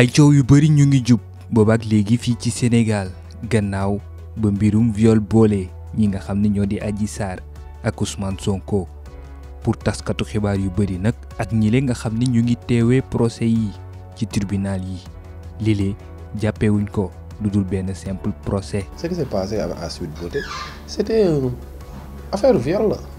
ay coow yu bari ñu ngi jub boobaak léegi fii ci Sénégal gannaaw ba mbirum viol boole ñi nga xam ne ñoo di Adji Sarr ak Ousmane Sonko pour taskatu xibaar yu bari nag ak ñile nga xam ne ñu ngi teewee procès yi ci tribunal yi lile jàppewuñ ko lu dul benn simple procès. ce qui s'est passé à Sweet Beauté c'était euh, affaire viol la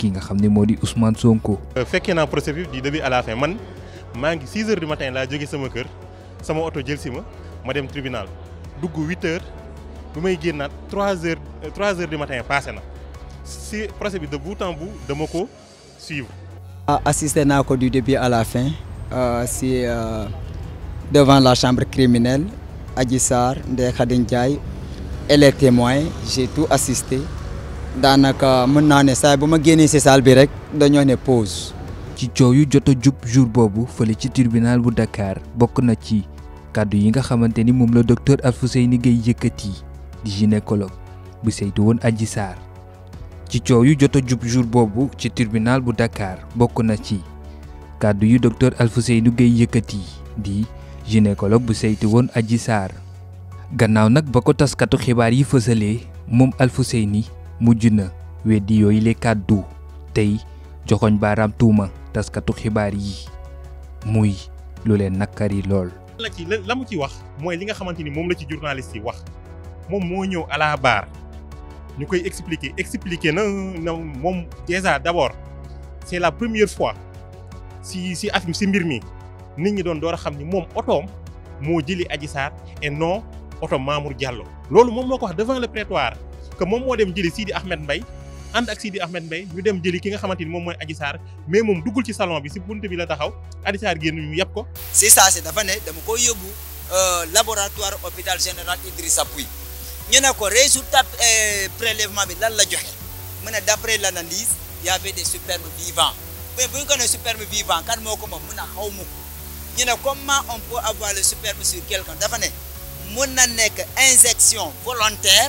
qui nga xamné modi euh, procès du début à la fin man 6 heures du matin sama sama ma tribunal 8 h 3 heures du matin passé na si procès de bout en bout ah, assisté du début à la fin euh, euh, devant la chambre criminelle adjissar Ndeye et les témoins j'ai tout assisté. daanaka mën naa ne saay bu ma génnee si bi rek dañoo ne pose ci coow yu jot a jub jour boobu fële ci tribunal bu Dakar bokk na ci kàddu yi nga xamante ni moom la docteur Alfousseyni Gaye yëkkati di gynécologue bu saytu woon Adji Sarr ci coow yu jot jub jour boobu ci tribunal bu Dakar bokk na ci kàddu yu docteur Alfousseyni Gaye yëkkati di gynécologue bu saytu woon Adji Sarr gannaaw nag ba ko taskatu xibaar yi fësalee moom Alfousseyni mujj na weddi yooyu le kàddu tey joxoñ baaraam tuuma taskatu xibaar yi muy lu leen nakkari lool. la ci la mu ci wax mooy li nga xamante ni moom la ci journaliste yi wax moom moo ñëw à la barre ñu koy expliquer expliquer na na moom déjà d'abord c'est la première fois si si afim si mbir mi nit ñi doon door a xam ni moom otoom moo jëli Adji Sarr et non oto Mamour Diallo loolu moom moo ko wax devant le prétoire. que moom moo dem jëli Sidi Ahmed Mbaye and ak Sidi Ahmed Mbaye ñu dem jëli ki nga xamanteni mom moy mooy Adji mais mom duggul ci salon bi ci bunt bi la taxaw Adji Sarr génn ñu yapp ko. c'est ça c'est dafa né dama ko yóbbu euh, laboratoire hôpital général Idrissa Pouye ñu ne ko résultat euh, prélèvement bi lan la joxé mëna d'après l'analyse il y avait des superbes vivants mais bu ñu ko nee superbe vivant kan moko mom mëna mun a ñu ne comment on peut avoir le superbe sur quelqu'un dafa né mëna nek injection volontaire.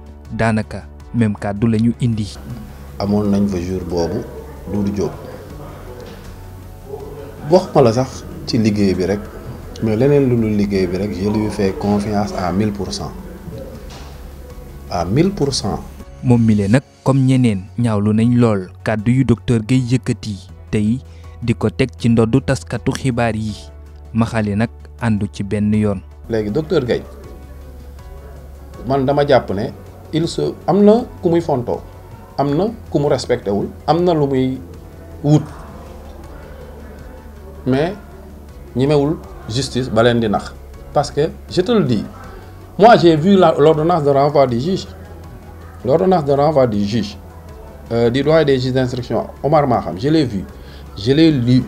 daanaka même kàddu lañu indi. amoon nañ fa jour boobu Doudou Diop wax ma la sax ci liggéey bi rek mais leneen lu dul liggéey bi rek je lui fais confiance à 1000 pour cent à 1000 pour cent. moom mi nag comme ñeneen ñaawlu nañ lool kàddu yu docteur Guèye yëkkati tey di ko teg ci ndoddu taskatu xibaar yi maxali nag àndu ci benn yoon. léegi docteur Guèye man dama jàpp ne. il se amna comme ils muy fontoo am na ku mu respecté wul am na muy wut mais ñemewul justice balen di nax parce que je te le dis moi j'ai vu l'ordonnance de renvoi du juge l'ordonnance de renvoi du juge euh, du et des juges d'instruction Omar Maham je l'ai vu je l'ai lu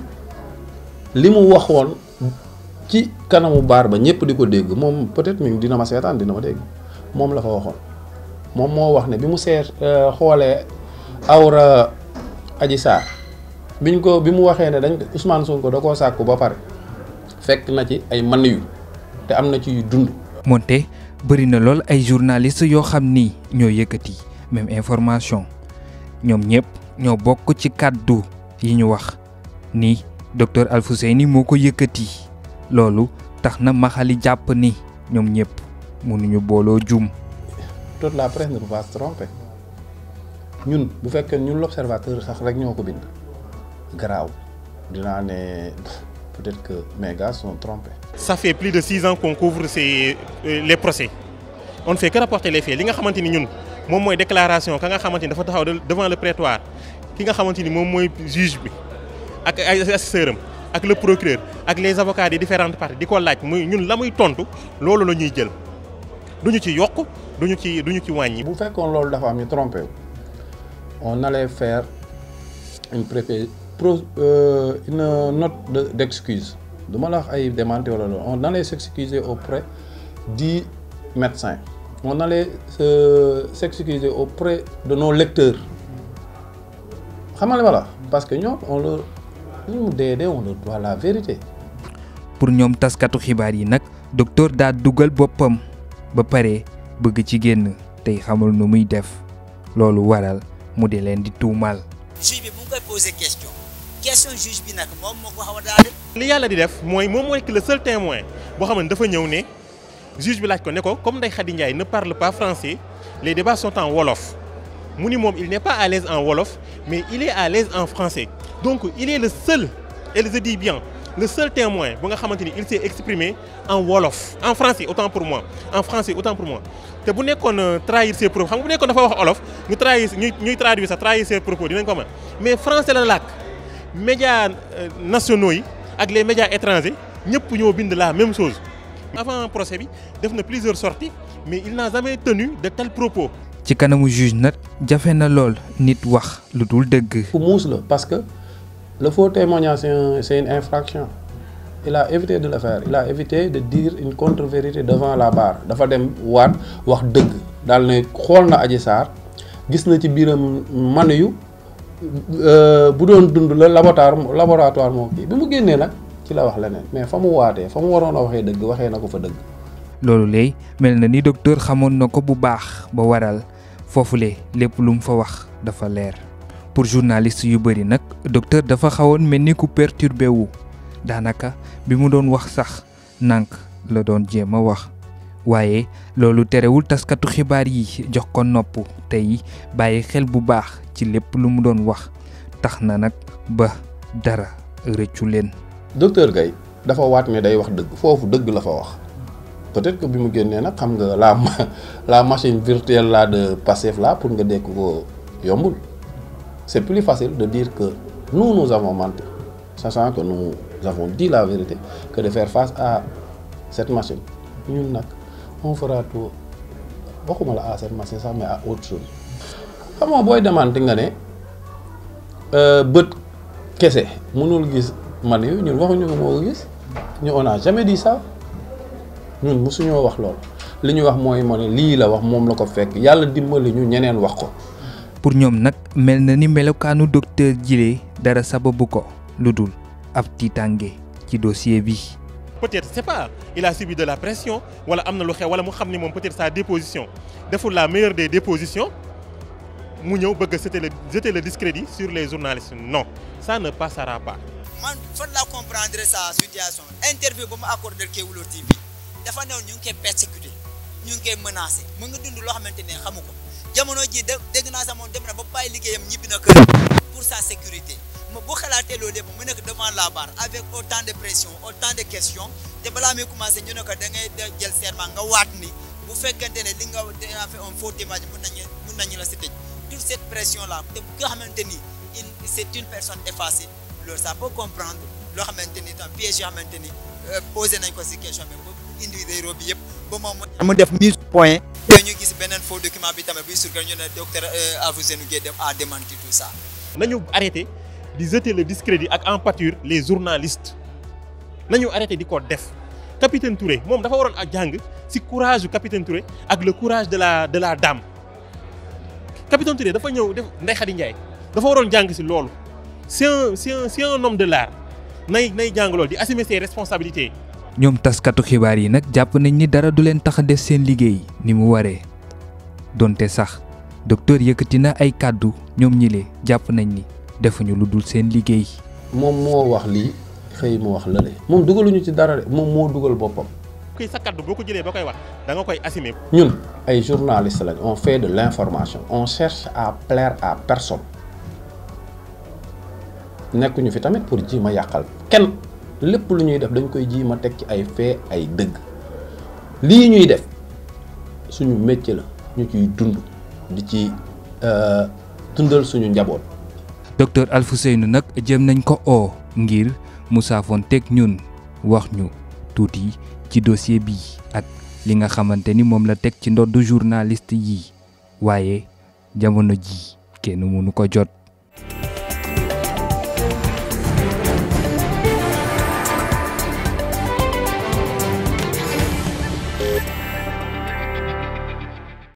li mu waxoon ci kanamu barba ba pas di ko dégg mom peut-être mi dina ma sétane dina ma dégg mom la fa moom moo wax ne bi mu seet euh, xoolee awra aji sa biñ ko bi mu waxee ne dañ Ousmane Sonko da koo sàkku ba pare fekk na ci ay man yu te am na ci yu dund. moonte bari na lool ay journaliste yoo xam ni ñoo yëkkati même information ñoom ñëpp ñoo bokk ci kàddu yi ñu wax ni docteur Alfousseyni moo ko yëkkati loolu tax na maxali jàpp ni ñoom ñëpp mënuñu booloo jum la presse ne se tromper l'observateur sax peut-être que mes gars sont trompés. ça fait plus de six ans qu'on couvre euh, les procès on ne fait que rapporter les faits li nga déclaration devant le prétoire ki juge bi le procureur avec les avocats des différentes parties duñu ci yokku duñu ci duñu ci wañi bu fekkon loolu dafa am ñu trompé on allait faire une préfé pro euh, une note de d' du ma wax ay démentis wala loolu on allait s'excuser auprès du médecin on allait euh, s'excuser auprès de nos lecteurs xam nga la wax parce que ñoom on leur lu dédé on leur doit la vérité. pour ñom taskatu xibaar yi nak docteur daa duggal bopam ba paré bëgg ci génn tey xamul nu muy def loolu waral mu di leen di tuumaal. juge bi bu koy posé question question juge bi nag moom moo ko xaw a daal li yàlla di def mooy moom mooy le seul témoin boo xam ne dafa ñëw ne juge bi laaj ko ne ko comme Ndeye Khady Ndiaye ne parle pas français les débats sont en wolof mu ni moom il n'est pas à l'aise en wolof mais il est à l'aise en français donc il est le seul et je dis bien le seul témoin bu nga il s'est exprimé en wolof en français autant pour moi en français autant pour moi te bu nekkoon euh, trahir ses propos xam nga bu nekkoon dafa wax wolof, ñu trahir ñuy traduire sax trahir ses propos dinañ ko mën mais français la lac, médias euh, nationaux yi ak les médias étrangers ñëpp ñoo bind la même chose. avant procès bi def na plusieurs sorties mais il n'a jamais tenu de tels propos. ci kanamu juge nag jafe na lool nit wax lu dul dëgg. ku muus la parce que. Le faux témoignage, c'est une infraction. Il a évité de le faire. Il a évité de dire une contre-vérité devant la barre. dafa dem de wax une contre ne devant la barre. Il a na ci dire une contre-vérité dund la laboratoire laboratoire moom bi la mais il a fa ni docteur xamone nako bu baax ba waral fa wax pour journaliste yu bëri nag docteur dafa xawoon mel ni ku perturbé daanaka bi mu doon wax sax nànk la doon jéem a wax waaye loolu terewul taskatu xibaar yi jox ko nopp tey bàyyi xel bu baax ci lépp lu mu doon wax tax na nag ba dara rëccu leen. docteur Gaye dafa waat ne day wax dëgg foofu dëgg la fa wax peut-être que bi mu génnee nag xam nga la la machine virtuelle la de Pastef la pour nga dekk ko yombul. c'est plus facile de dire que nous, nous avons menti, sachant que nous avons dit la vérité, que de faire face à cette machine. Nous, on fera tout, beaucoup mal à cette machine, ça, mais à autre chose. Comment boy demande nga né euh beut kessé mënul gis man yu nous waxuñu ko gis ñu on a jamais dit ça ñun mësuñu wax lool li ñu wax mooy ma ne lii la wax moom la ko fekk yàlla dimbali ñu ñeneen wax ko pour ñom nak mel na ni melokaanu docteur Djilé dara sababu ko lu ab titangé ci dossier bi. peut-être c'est pas il a subi de la pression wala amna lu xew wala mu xam ni moom peut-être sa déposition deful la meilleure des dépositions mu ñëw bëgg c'était le jeter le discrédit sur les journalistes non ça ne passera pas. man fa la comprendre sa situation interview ba mu accordé Kéwoulo TV dafa ne ñu ngi koy persécuté ñu ngi menacer menacé mu ngi dund lo xamante xamuko jamono ji dégg naa sax moom dem na ba bàyyi liggéeyam ñibbi na pour sa sécurité ma bu xalaté lo yëpp mu nekk devant la barre avec autant de pression autant de questions De balaa muy commencé ñu ne da ngay jël serment nga wat ni bu fekkente ne li nga fait un faux témoignage mu nañu mu nañu la cité. toute cette pression là te nga xamante c'est une personne effacée Leur ça peut comprendre lo xamante en piège yoo xamante euh, nañ ko ci question bi ba indi réeróo bi yëpp ba mo mu def mise point te ñu gis beneen faux document bi tamit buy surga ñu ne docteur euh, Alphousseyni Gaye dem a démenti tout ça. nañu arrêté di jeter le discrédit ak en les journalistes nañu arrêté di ko def capitaine Touré moom dafa waroon a jàng ci courage du capitaine Touré ak le courage de la de la dame capitaine Touré dafa ñëw def Ndeye Khady Ndiaye dafa waroon jàng ci loolu c'est un c'est un homme de l'art nay nay jàng loolu di assumer ses responsabilités. ñom taskatu xibaar yi nak japp nañ ni dara du len tax def seen liggey ni mu waré donté sax docteur yëkkati na ay cadeau ñom ñilé japp nañ ni defuñu lu dul seen liggey mom mo wax li xey mo wax lale moom dugaluñu ci dara de mom mo dugal bopam kuy sa cadeau boko jëlé bakay wax da nga koy assumer ñun ay journaliste lañ on fait de l'information on cherche à plaire à personne nekkuñu fi tamit pour ji yakal ken lépp lu ñuy def dañ koy ji ma teg ci ay fee ay dëgg lii ñuy def suñu métier la ñu ciy dund di ci euh, dundal suñu njaboot. docteur Alfousseynou nag jëm nañ ko oo ngir mu teg ñun wax ñu tuuti ci dossier bi ak li nga xamante ni moom la teg ci ndoddu journaliste yi waaye jamono ji kenn mënu ko jot.